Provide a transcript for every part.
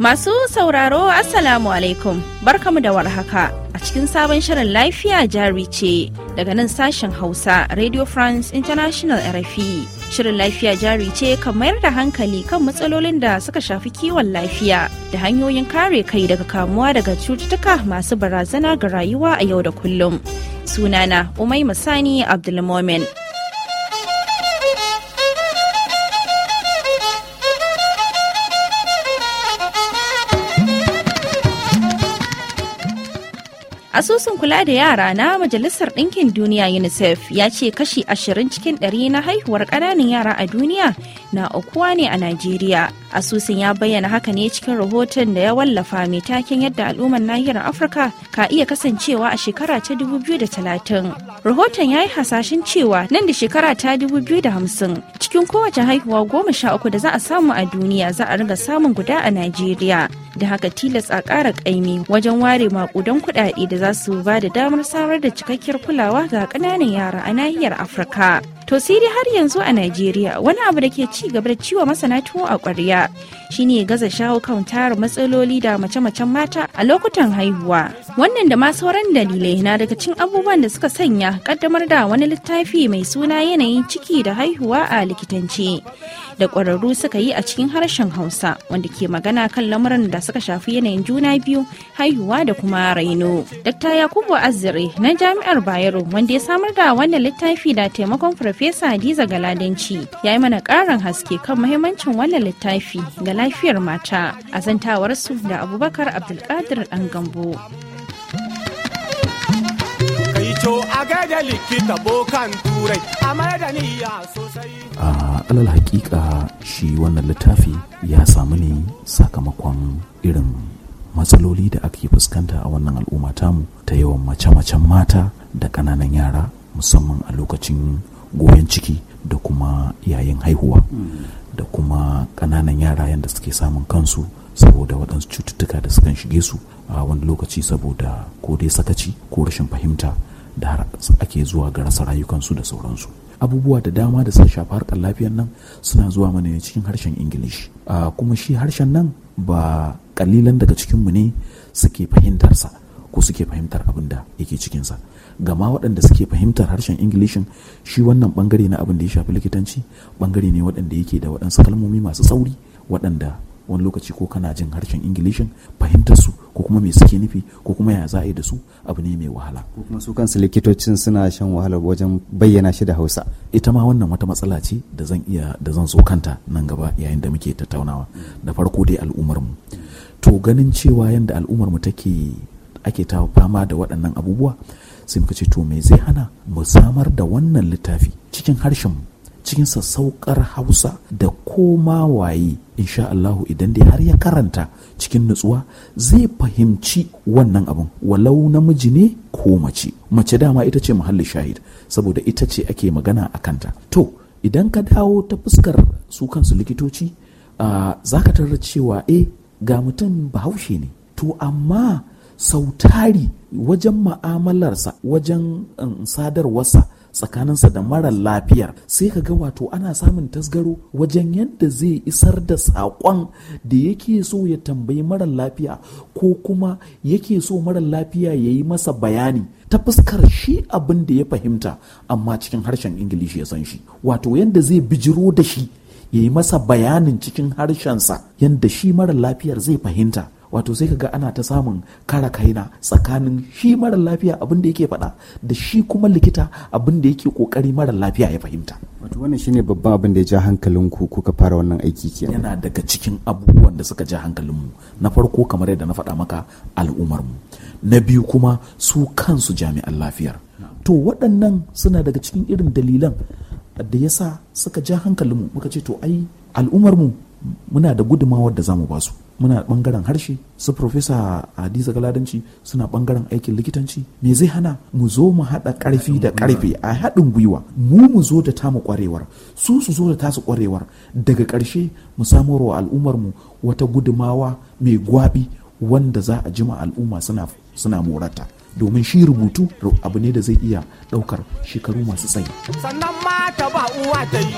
Masu sauraro Assalamu alaikum barkamu da warhaka a cikin sabon shirin lafiya jari ce daga nan sashen Hausa Radio France International RFI. Shirin lafiya jari ce kan mayar da hankali kan matsalolin da suka shafi kiwon lafiya da hanyoyin kare kai daga kamuwa daga cututtuka masu barazana ga rayuwa a yau da kullum. Sunana Umai Musani Abdulmomin. Asusun kula da yara na Majalisar Ɗinkin Duniya UNICEF ya ce kashi ashirin cikin ɗari na haihuwar ƙananan yara a duniya na ukuwa ne a Najeriya. Asusun ya bayyana haka ne cikin rahoton da ya wallafa mai taken yadda al'ummar nahiyar Afirka ka iya kasancewa a shekara ta 2030. Rahoton ya yi hasashen cewa nan da shekara ta 2050 cikin kowace haihuwa goma sha uku da za a samu a duniya za a riga samun guda a Najeriya. da haka tilas a ƙara ƙaimi wajen ware maƙudan kuɗaɗe da za su ba da damar samar da cikakkiyar kulawa ga ƙananan yara a nahiyar afirka To sai har yanzu a Najeriya wani abu da ke ci gaba da ciwo masana tuwo a ƙwarya shine gaza shawo kan tara matsaloli da mace-macen mata a lokutan haihuwa. Wannan da ma sauran dalilai na daga cin abubuwan da suka sanya kaddamar da wani littafi mai suna yanayin ciki da haihuwa a likitance da ƙwararru suka yi a cikin harshen Hausa wanda ke magana kan lamuran da suka shafi yanayin juna biyu haihuwa da kuma raino. Dr. Yakubu Azire na Jami'ar Bayero wanda ya samar da wannan littafi da taimakon farfesa hadiza galadanci ya yi mana ƙarin haske kan mahimmancin wannan littafi ga lafiyar mata a zantawarsu da abubakar abdulkadir ɗan gambo a alal hakika shi wannan littafi ya samu ne sakamakon irin matsaloli da ake fuskanta a wannan al'umma tamu ta yawan mace-macen mata da ƙananan yara musamman a lokacin goyon ciki da kuma yayin haihuwa da kuma ƙananan yara da suke samun kansu saboda waɗansu cututtuka da sukan shige su a wani lokaci saboda ko dai sakaci ko rashin fahimta da har ake zuwa ga rasa rayukansu da sauransu abubuwa da dama da sun shafi harkar lafiyar nan suna zuwa mana ne cikin harshen ingilishi kuma shi harshen nan ba ƙalilan daga cikinmu ne suke fahimtarsa ko suke fahimtar abin da yake cikinsa gama waɗanda suke fahimtar harshen ingilishin shi wannan bangare na abin da ya shafi likitanci bangare ne waɗanda yake da waɗansu kalmomi masu sauri waɗanda wani lokaci ko kana jin harshen ingilishin fahimtar su ko kuma me suke nufi ko kuma ya za'a yi da su abu ne mai wahala ko kuma su kansu likitocin suna shan wahala wajen bayyana shi da hausa ita ma wannan wata matsala ce da zan iya da zan so kanta nan gaba yayin da muke tattaunawa da farko dai al'ummar mu to ganin cewa yadda al'ummar mu take ake ta fama da waɗannan abubuwa sai muka ce to me zai hana mu samar da wannan littafi cikin harshen cikin sassaukar hausa da koma waye insha Allahu idan dai har ya karanta cikin nutsuwa zai fahimci wannan abun walau namiji ne ko mace mace dama ita ce muhalli shahid saboda ita ce ake magana a kanta to idan ka dawo ta fuskar su kansu likitoci ah, za ka tarar cewa eh ga mutum bahaushe ne to amma sautari wajen ma'amalarsa wajen um, sadarwarsa tsakaninsa da mara lafiyar sai ka ga wato ana samun tasgaro wajen yadda zai isar da saƙon da yake so ya tambayi mara lafiya ko kuma yake so mara lafiya ya yi masa bayani ta fuskar shi abin da ya fahimta amma cikin harshen ingilishi ya san shi wato yadda zai bijiro da shi ya yi masa bayanin cikin harshensa yadda shi mara lafiyar zai fahimta wato sai kaga ana ta samun kara kaina tsakanin shi mara lafiya abin da yake faɗa da shi kuma likita abin da yake kokari mara lafiya ya fahimta wato wannan shine babban abin da ya ja hankalin ku kuka fara wannan aiki ke yana daga cikin abubuwan da suka ja hankalin mu na farko kamar yadda na faɗa maka al'ummar mu na biyu kuma su kansu jami'an lafiyar to waɗannan suna daga cikin irin dalilan da ya sa suka ja hankalin hankalinmu muka ce to ai mu muna da gudumawar da zamu basu muna bangaren harshe su profesa hadiza galadanci suna bangaren aikin likitanci me zai hana mu zo mu haɗa ƙarfi da ƙarfe a haɗin gwiwa mu mu zo da tamu kwarewar su su zo da tasu kwarewar daga ƙarshe mu samar wa al'ummarmu wata gudumawa mai gwabi wanda za a jima al'umma suna suna morata domin shi rubutu abu ne da zai iya ɗaukar shekaru masu tsayi. Sannan mata ba uwa ta yi,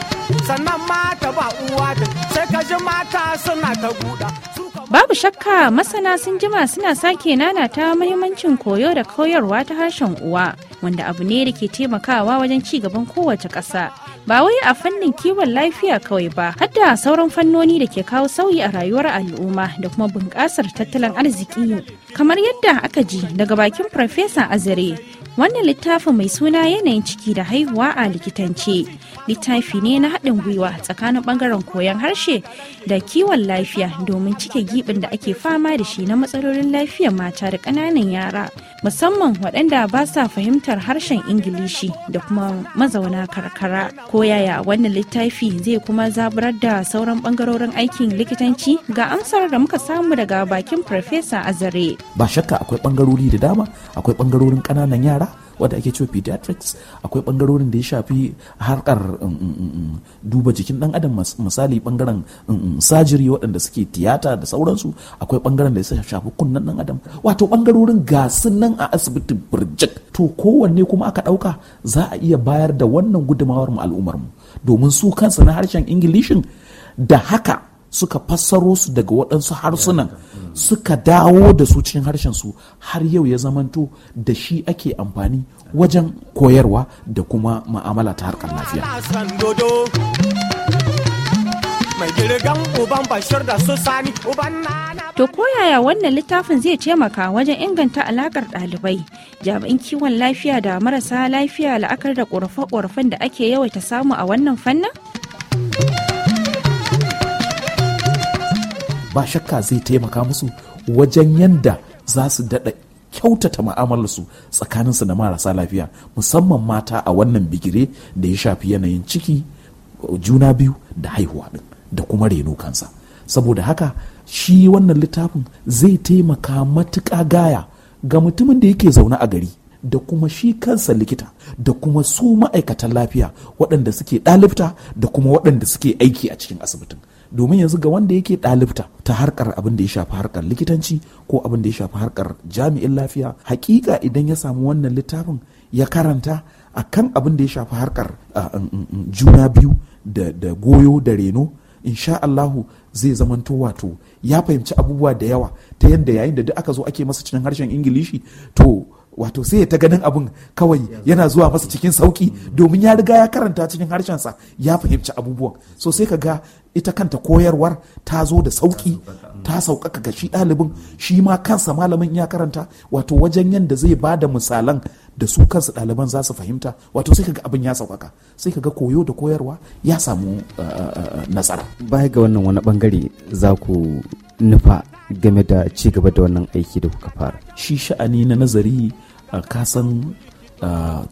sannan mata ba uwa ta sai ka ji mata suna ta guda. Babu shakka masana sun jima suna sake nanata mahimmancin koyo da koyarwa ta harshen uwa wanda abu ne da ke taimakawa wajen ci gaban kowace ƙasa. Ba wai a fannin kiwon lafiya kawai ba, hadda sauran fannoni da ke kawo sauyi a rayuwar al'umma da kuma bunƙasar tattalin arziki. kamar yadda aka ji daga bakin farfesa azare wannan littafin mai suna yanayin ciki da haihuwa a likitance littafi ne na haɗin gwiwa tsakanin ɓangaren koyon harshe da kiwon lafiya domin cike giɓin da ake fama da shi na matsalolin lafiyar mata da ƙananan yara musamman waɗanda ba sa fahimtar harshen ingilishi da kuma mazauna karkara ko yaya wannan littafi zai kuma zaburar da sauran ɓangarorin aikin likitanci ga amsar da muka samu daga bakin farfesa azare ba shakka akwai bangarori da dama akwai bangarorin kananan yara wanda ake cewa pediatrics akwai bangarorin da ya shafi harkar um, um, um, duba jikin dan adam misali bangaren sajiri waɗanda suke tiyata da sauransu akwai bangaren da ya shafi kunnen dan adam wato bangarorin gasun nan a asibitin birjik to kowanne kuma aka ɗauka za a iya bayar da wannan gudumawar mu al'ummar mu domin su kansu na harshen ingilishin da haka suka fassaro su daga waɗansu harsunan hmm. suka dawo da su cikin harshen su har yau ya zamanto da shi ake amfani wajen koyarwa da kuma ma'amala ta harkar lafiya To koyaya wannan littafin zai taimaka wajen inganta alaƙar ɗalibai, jami'in kiwon lafiya da marasa lafiya la'akar da ƙorafe-ƙorafen da ake yawaita samu a wannan fannin? ba shakka zai taimaka musu wajen yadda za su daɗa kyautata mu'amalarsu tsakaninsu da marasa lafiya musamman mata a wannan bigire da ya shafi yanayin ciki juna biyu da haihuwa ɗin da kuma reno kansa saboda haka shi wannan littafin zai taimaka matuƙa gaya ga mutumin da yake zaune a gari da kuma shi kansa likita da kuma su ma'aikatan lafiya waɗanda suke ɗalibta da kuma waɗanda suke aiki a cikin asibitin domin yanzu ga wanda yake ɗalibta ta harkar abin da ya shafi harkar likitanci ko abin da ya shafi harkar jami'in lafiya hakika idan ya samu wannan littafin ya karanta a kan abin da ya shafi harkar juna biyu da goyo da reno insha Allahu zai zamanto wato ya fahimci abubuwa da yawa ta yadda yayin da duk aka zo ake masa cikin harshen ingilishi to wato sai ya ta ganin abin kawai yana zuwa masa cikin sauki domin ya riga ya karanta cikin harshensa ya fahimci abubuwan so sai ka ga ita kanta koyarwar ta zo da sauki ta sauƙaƙa ga shi ɗalibin shi ma kansa malamin ya karanta wato wajen yadda zai ba da misalan da su kansu ɗaliban za su fahimta wato sai ka ga abin ya sauƙaƙa sai ka ga koyo da koyarwa ya samu eh, eh, eh, nasara baya ga wannan wani bangare za ku nufa game da ci gaba da wannan aiki da kuka fara shi sha'ani na nazari a kasan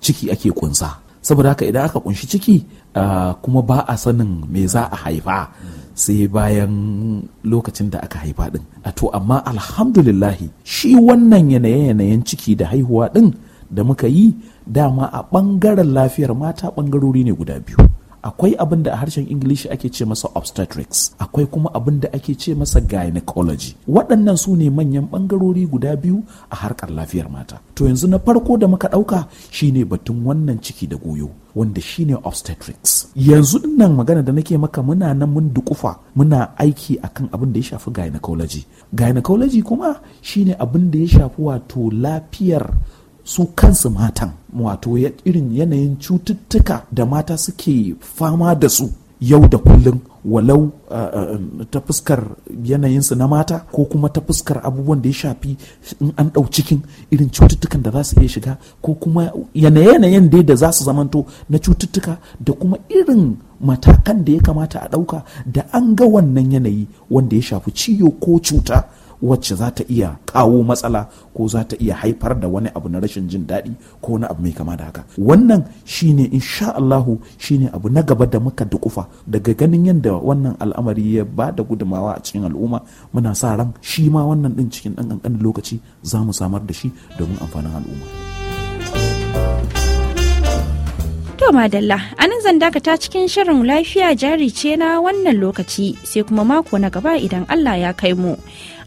ciki ake kunsa saboda haka idan aka kunshi ciki kuma ba a sanin me za a haifa sai bayan lokacin da aka haifa din to amma alhamdulillahi shi wannan yanayen ciki da haihuwa din da muka yi dama a bangaren lafiyar mata bangarori ne guda biyu akwai abin da a harshen ingilishi ake ce masa obstetrics akwai kuma abin da ake ce masa gynecology waɗannan su ne manyan ɓangarori guda biyu a harkar lafiyar mata to yanzu na farko da muka ɗauka shine batun wannan ciki da goyo wanda shine obstetrics yanzu dinnan magana da nake maka muna nan mun dukufa muna aiki akan abin da ya shafi gynecology gynecology kuma shine abin da ya shafi wato lafiyar su kansu matan wato irin yanayin cututtuka da mata suke fama da su yau da kullum walau ta fuskar yanayinsu na mata ko kuma ta fuskar abubuwan da ya shafi in an ɗau cikin irin cututtukan da za su iya shiga ko kuma yanayen dai da za su zamanto na cututtuka da kuma irin matakan da ya kamata a ɗauka da an ga wannan yanayi wanda ya shafi ciwo ko cuta wacce za ta iya kawo matsala ko za ta iya haifar da wani abu na rashin jin daɗi ko wani abu mai kama da haka wannan shine insha Allahu shine abu na gaba da muka dukufa daga ganin yadda wannan al'amari ya ba da gudumawa a cikin al'umma muna sa ran shi ma wannan ɗin cikin ɗan ƙanƙanin lokaci za mu samar da shi domin amfanin al'umma. To Madalla, anan zan dakata cikin shirin lafiya jari ce na wannan lokaci sai kuma mako na gaba idan Allah ya kai mu.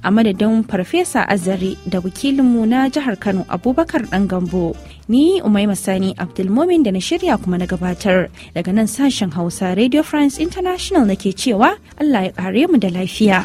A madadin Farfesa Azare da wakilinmu na jihar Kano Abubakar ɗan Gambo, ni Umaima Sani Abdulmomin da na shirya kuma na gabatar daga nan sashen Hausa Radio France International nake cewa Allah ya kare mu da lafiya.